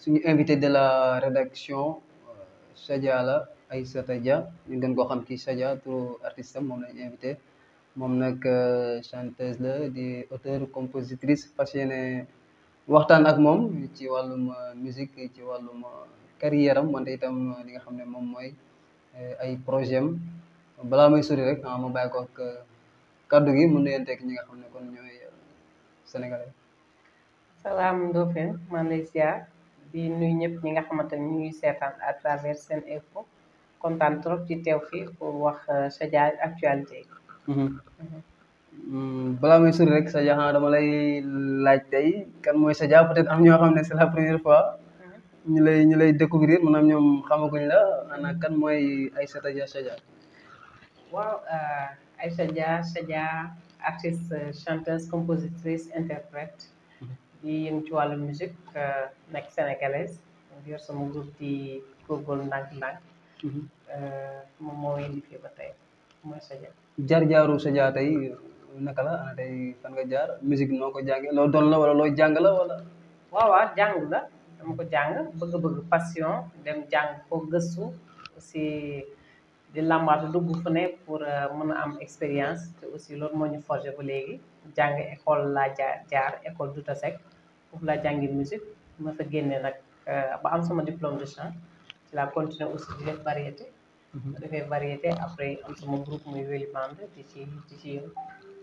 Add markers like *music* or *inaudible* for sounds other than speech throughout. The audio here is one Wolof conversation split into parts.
suñu invité de la rédaction euh, Sadia la Aïssata Dia ñu gën ko xam ci Sadia turu artiste am moom invité moom nag euh, chanteuse la di auteur compositrice parce que passionnée waxtaan ak moom ci wàllum euh, musique ci wàllum carrière am wante itam li nga xam ne moom mooy ay projet am balaa may sori rek ah ma bàyyi ko kaddu gi mun nañu teg ñi nga xam ne kon ñooy sénégalais. salaam Ndofène maa di nuyu ñëpp ñi nga xamante ni ñu ngi seetaan à travers seen info kontaan trop ci teew fii wax euh, Sadia actualité yi. Mm-hmm. Mm-hmm. balaa may rek Sadia xanaa dama laaj tey kan mooy Sadia peut-être am ñoo xam fois. Mm-hmm. ñu lay ñu lay découvrir maanaam xamaguñ la ana kan mooy Aïssata Dia Sadia. waaw euh, Aïssata Dia compositrice interprète. di yëngu ci wàllu musique euh, nekk sénégalaise yor sama groupe di góorgóorlu ndànk-ndànk mhm. euh, moom moo jaar-jaaru Sodia tey naka la ana ah, tey fan nga jaar musique noo ko jànge loo doon la wala loo jàng la wala waaw waaw la dama ko jàng bëgg-bëgg passion dem jàng ko gëstu aussi di làmbaatu dugg fu ne pour euh, mën a am expérience aussi loolu moo ñu forger ba léegi jàng école laa jaar jaar école ta Seck foofu laa jàngi musique ma fa génnee nag euh, ba am sama diplôme de chant ci laa continuer aussi di def variété mhm. ma defee après am sama groupe muy weli band di ci ci yëngu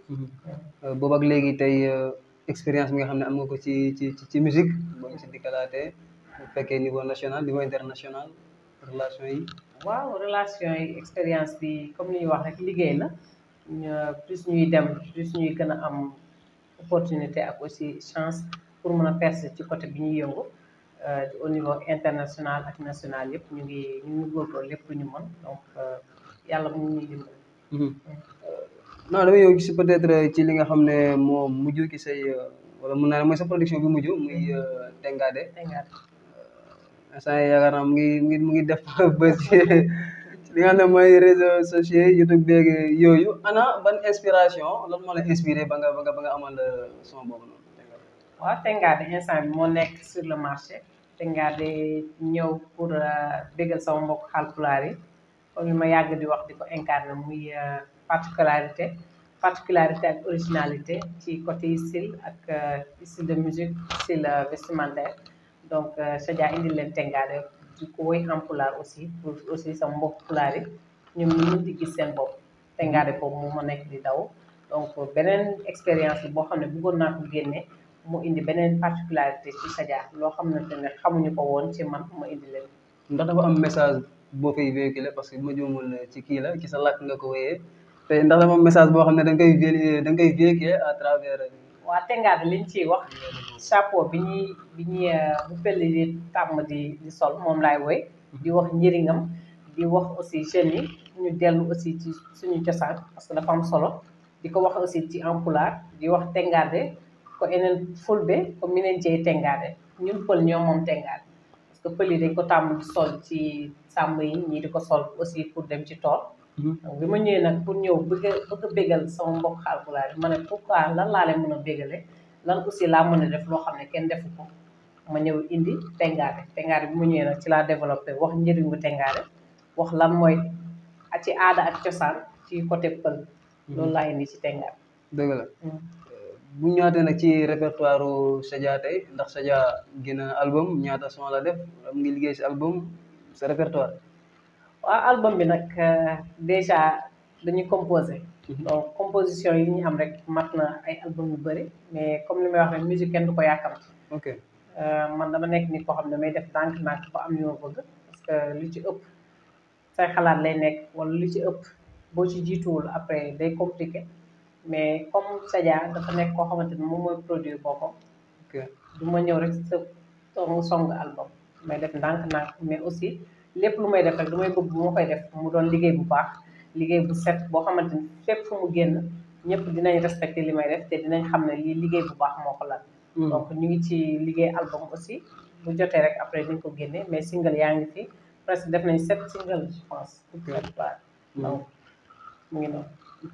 mhm. euh, boobu ak léegi tey expérience bi nga xam ne am nga ko ci ci ci musique boo ñu si dikkalaatee bu fekkee niveau national niveau international relation yi waaw relation yi expérience bi comme ni ñuy wax rek liggéey la plus ñuy dem plus ñuy gën a am opportunité ak aussi chance pour mën a percer ci côté bi ñuy yëngu euh, au niveau international ak national yëpp ñu ngi ñu ngi lépp ñu mën donc euh, yàlla mu ngi dimbali. Mm-hmm. non gis peut être ci li nga xam ne moo mujj ki say euh, wala mun naa ne mooy sa production bi mujj muy Tengadé. Tengadé. saa yaakaar naa mu ngi mu ngi def bës *laughs* *laughs* li nga ne mooy réseaux sociaux yooyu ana ban inspiration la inspiré ba nga ba nga ba nga amal euh, son boobu noonu. waaw Tengadé instant moo nekk sur le marché Tengadé ñëw pour euh, bégal sama mbokk xalpulaar yi ma yàgg di wax di ko incarné muy euh, particularité particularité ak originalité ci côté style ak style de musique style vestimentaire. donc euh, Sodia indil leen tengaade ko woy xam pulaar aussi aussi sa mbokk pulaar yi ñoom ñu mun di gis seen bopp tengaade ko mu ma nekk di daw donc beneen expérience bi boo xam ne bëggoon naa ko génne mu indi beneen particularité ci Sodia loo xam ne xamuñu ko woon ci man ma indi leen ndax dafa am message boo koy véhiculer parce que ma juumul ci kii la ci sa làkk nga ko wéyee te ndax dafa message boo xam ne danga koy danga koy véhiculer à travers waa tengaat liñ ciy wax chapeau bi ñuy bi ñuy euh, bu fell di tàmm di di sol moom laay woy di wax njëriñam di wax aussi jeunes ñu dellu aussi ci suñu cosaan parce que dafa am solo di ko wax aussi ci en pulaar di wax tengaade ko eneen fulbe ko mineen jey tengaade ñun pël ñoo mom tengaade parce que pël yi dañ ko tàmm sol ci sàmm yi ñii di ko sol aussi pour dem ci tool Mm-hmm. bi ma ñëwee nag pour ñëw bëgg a bëgg a bégal sama mbokk xaalpulaar ma ne pourquoi lan laa leen mën a bégale lan aussi laa mën a def loo xam ne kenn defu ko ma ñëw indi tengaade tengaade bi ma ñëwee nag ci laa développé wax njëriñu tengaade wax lan mooy ci aada ak cosaan ci côté pël mm-hmm. loolu laa indi ci tengaade dëgg la mm. euh, bu ñaatee nag ci répertoire Sadia tey ndax Sadia génn album ñaata son la def am ngi liggéey si album sa répertoire waaw album bi nag euh, déjà dañuy composé mhm. donc composition yi ñu am rek mat na ay album yu bëri mais comme li may wax rek musique kenn du ko yàkkamti ok euh, man dama nekk ni koo xam ne damay def ndànk ndànk ko am ñoo bëgg parce que lu ci ëpp say xalaat lay nekk wala lu ci ëpp boo ci jiituwul après day compliqué mais comme Sadia dafa nekk koo xamante ni moom mooy produire boppam du ma ñëw rek sa song album may def ndànk ndànk mais aussi lépp lu may def rek lu may bëgg bu koy def mu doon liggéey bu baax liggéey bu set boo xamante ni fépp fu mu génn ñëpp dinañ respecté li may def te dinañ xam ne lii liggéey bu baax moo ko lal hmm. donc ñu ngi ci liggéey album aussi bu jotee rek après dañ ko génnee mais single yaa ngi fi presque def nañ set single je pense hmm. donc mu ngi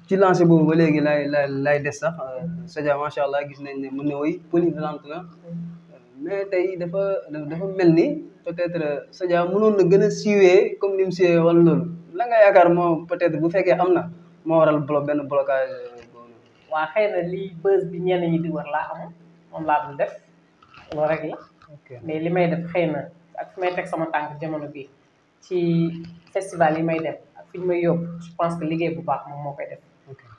ci lancé boobu ba léegi lay lay des sax euh, Sadia macha allah gis nañ ne mën na woy polyvalente la hmm. mais tey dafa dafa mel ni peut-être Sadia munoon na gën a siiwee comme ni mu siiwee wala loolu la nga yaakaar moo peut-être bu fekkee am na moo waral bloc benn blocage. waaw xëy na li bës bi ñenn ñi di war laa am moom laa dul def loolu rek la. mais li may def xëy na ak fi may teg sama tànk jamono bi ci festival yi may dem ak fi ñu may yóbbu je pense que liggéey bu baax moom moo koy def.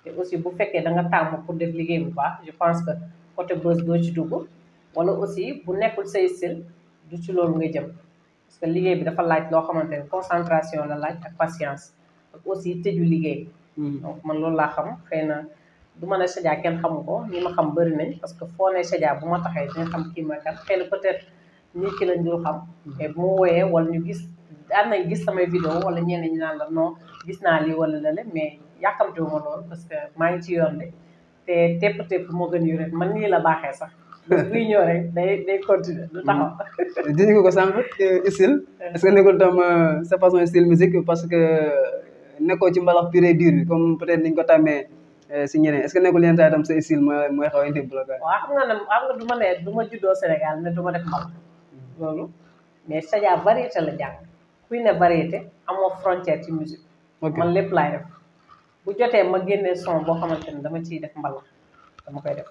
te aussi bu fekkee da nga tàmm pour def liggéey bu baax je pense que côté bës doo ci dugg. wala aussi bu nekkul say style du ci loolu ngay jëm parce que liggéey bi dafa laaj loo xamante ne concentration la laaj ak patience ak aussi tëju liggéey hmm. donc man loolu laa xam xëy na du ma ne Chadia kenn xamu ko ñi ma xam bëri nañ parce que foo ne Chadia bu ma taxee dina xam kii ma kan xëy na peut-être nit ki lañ dul xam mais hmm. bu ma wooyee wala ñu gis daan nañ gis samay vidéo wala ñeneen ñi naan la non gis naa lii wala lale mais yàkkamtiwuma lool parce que maa ngi ci yoon de te moo gën man nii la baaxee sax buy ñëw rek day day continuer lu mm. ko ko sànq euh, style. est ce que nekkul euh, sa façon style parce que euh, nekkoo ci mbalax pure diir dur bi comme peut ko tàmmee si ñeneen est ce que nekkul yenn saa tam sa style mooy mooy xaw a indi blocage. waaw ne xam nga ma du ma juddoo Sénégal ne du def mbalax loolu mais Sadia variété la jàng kuy ne variété amoo frontière ci musique. man lépp laay def bu jotee ma génnee son boo xamante ne dama ciy def mbalax dama koy def.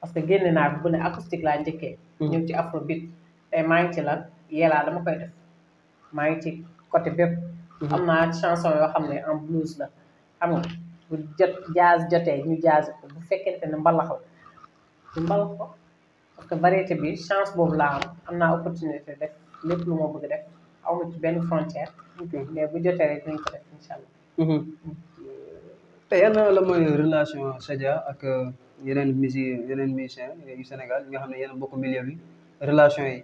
parce que génne naa ko bu ne acoustique laa njëkkee. Mm-hmm. ñëw ci afrobeat tey maa ngi ci lan yelaa dama koy def maa ngi ci côté bépp. Mm-hmm. am naa chanson yoo xam ne en blues la xam nga bu jot jazz jotee ñu jazz ko bu fekkente ne mbalax la ñu mbalax ko parce que variété bi chance boobu laa am am naa opportunité def lépp lu ma bëgg def aw ma benn frontière. mais bu jotee rek dinañ ko def incha allah. Mm-hmm. te yan la mooy relation Sadia ak yeneen misi yeneen musiciens yu Sénégal yi ne yéen a bokk milieu bi relation yi.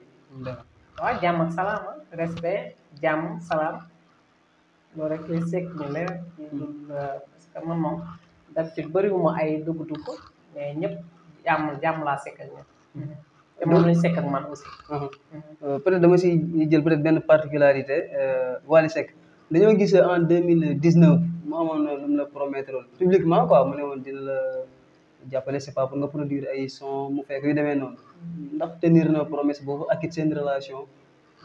waaw jàmm ak respect jàmm salaam loolu rek li sekk ñu man moom d'habitude bëriwuma ay dugg-dugg mais ñëpp jàmm jàmm laa sekk ak ñëpp. te moom lañ sekk ak man aussi. Uh-huh. Uh, peut-être dama si jël peut-être benn particularité euh, Wally Seck. dañoo gis en deux mille dix neuf mu amoon lu mu la promettre publiquement quoi mu ne woon dina la jàppale c'est pas pour nga produire ay son mu fekk yu demee noonu ndax tenir na promesse boobu ak it seen relation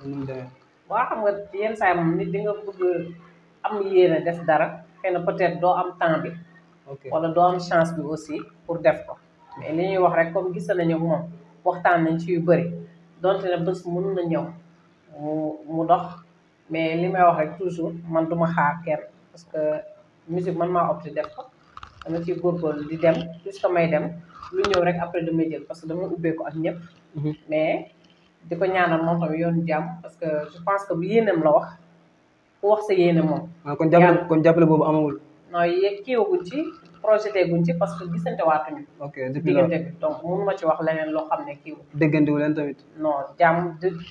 nu mu demee. waaw xam nga yenn saa yi moom nit di nga bëgg am yéene def dara xëy na peut-être doo am temps bi. wala doo am chance bi aussi pour def ko. mais li ñuy wax rek comme gis nañu moom waxtaan nañ ci yu bëri donte ne bés mun na ñëw mu dox. mais li may wax rek toujours man du ma xaar kenn parce que musique man maa opté def ko dama ciy góorgóorlu di dem plus may dem lu ñëw rek après damay jël parce que dama ubbeeku ak ñëpp. Mhm. mais di ko moom tamit yoonu jàmm parce que je pense que bu yéeneem la wax ku wax sa yéene moom. Ah, kon jàppale kon jàppale boobu amagul. non yéeg kiiwaguñ ci projeté guñ ci parce que gisante waatuñu. ok depuis la diggante bi donc mënu ma ci wax leneen loo xam ne kiiw. déggantewu leen tamit. no jàmm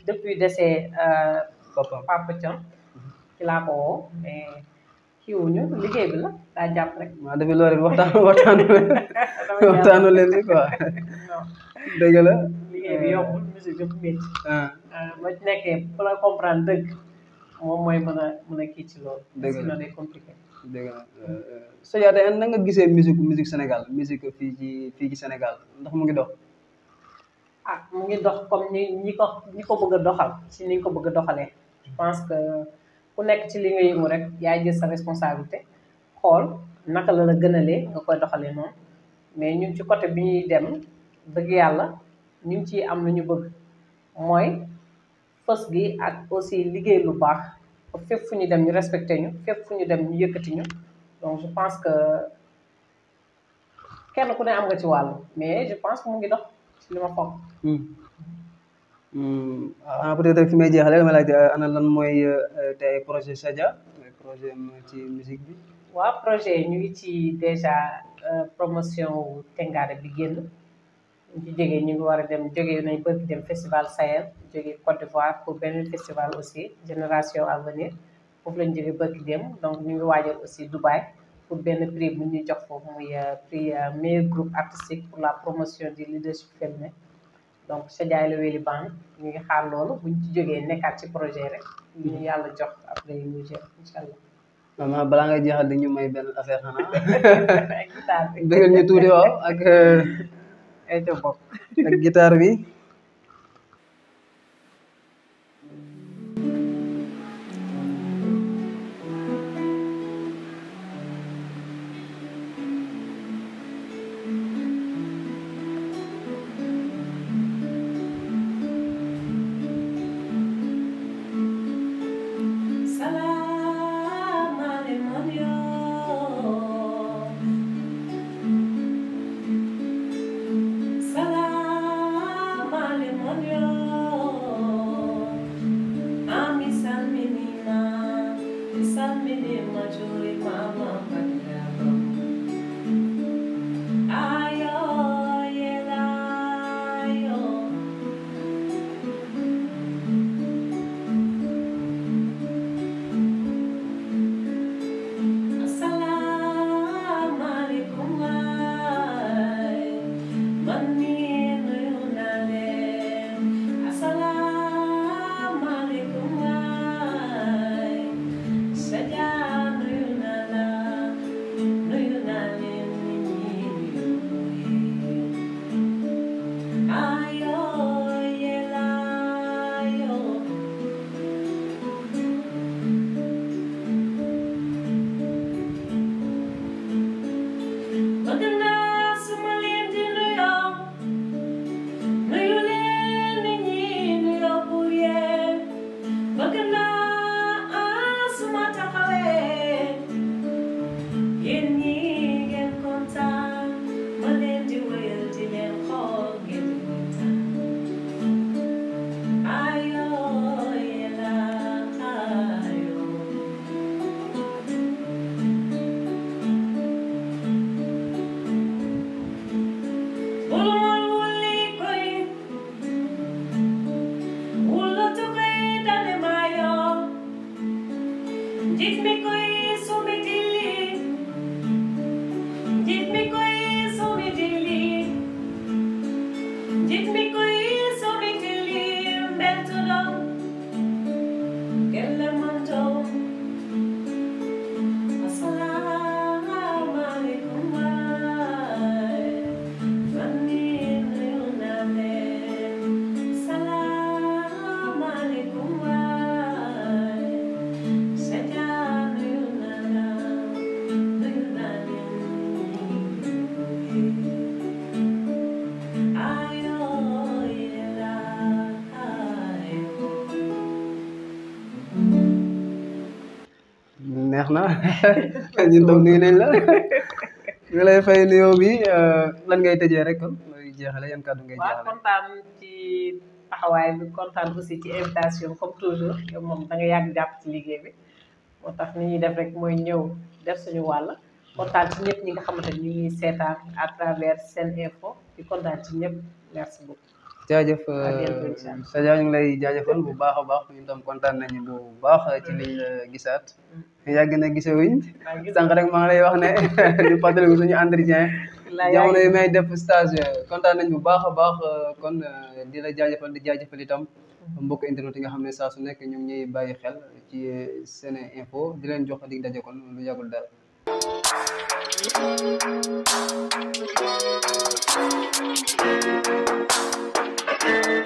depuis décès. Euh, boppam Papa Thiam ci laa ko woo mais kii liggéey bi la daa jàpp rek. waaw depuis loolu leen waxtaanu leen si *laughs* la. liggéey bi yombul musique yëpp métti. Ah. Euh, ma nekkee pour la comprendre dëgg moom mooy mën a mën a kii ci loolu. dëgg la sinon day compliqué. Euh, na nga gisee musique musique Sénégal musique fii ci fii ci Sénégal ndax mu ngi dox. ah mu ngi dox comme ni ñi ko ñi ko bëgg a doxal si ni ko bëgg a doxalee. je pense que ku nekk ci li nga yëngu rek yaay jël sa responsabilité xool naka la la gënalee nga koy doxalee noonu mais ñu ci côté bi ñuy dem dëgg yàlla ñu ci am lu ñu bëgg mooy fës gi ak aussi liggéey lu baax fépp fu ñu dem ñu respecté ñu fépp fu ñu dem ñu yëkkati ñu donc je pense que kenn ku ne am nga ci wàll mais je pense que mu ngi dox ci li ma foog hmm. xanaa peut être rek fi may jeexalee dama laajte ana lan mooy tey projet Sadia projet ci musique bi. waaw projet ñu ngi ci déjà promotion wu Tengaare bi génn ñu ci jógee ñu ngi war a dem jógee nañ bëgg dem festival Sahel jógee Côte d'Ivoire pour benn festival aussi génération à foofu lañ jógee bëgg dem donc ñu ngi waajal aussi Dubaï pour benn prix bu ñu jox foofu mu prix meilleur groupe artistique pour la promotion du leadership féminin. donc Sadiaye la Wely Bank ñu ngi xaar loolu ñu ci jógee nekkaat ci projet rek ñu mm-hmm. yàlla jox après ñu jël incha allah. maman balaa ngay jeexal di ñu may benn affaire xanaa. ak guitare bi ñu tuuti waaw ak. Euh, *laughs* ay ca Dziećmi neex na *laughs* ñun tam nuyu nañ la *laughs* ñu lay fay nuyoo bi euh, lan ngay tëjee rek kon looy jeexale yan kàddu ci taxawaay bi kontaan aussi ci invitation comme toujours yow moom da nga yàgg jàpp ci liggéey bi moo tax ni ñuy def rek mooy ñëw def suñu wàll kontaan ci ñëpp ñi nga xamante ni ñu ngi seetaan à travers Sene Info di kontaan ci ñëpp merci beaucoup jaajëf euh, Sadia yaa ngi lay jaajëfal bu baax a baax ñu tam kontaan nañu bu baax ci liñ la euh, gisaat mm. yàgg na gise wuñ sànq rek maa ngi lay wax ne di *laughs* *laughs* fàttaliku suñu entretien jamono yi may def stage euh, kontaan nañ bu baax a baax kon di la di jaajëfal itam mm. mbokk internet yi nga xam ne saa su nekk ñu ngi ñuy bàyyi xel ci Sene Info di leen jox dig daje kon lu yàggul dara Thank thank you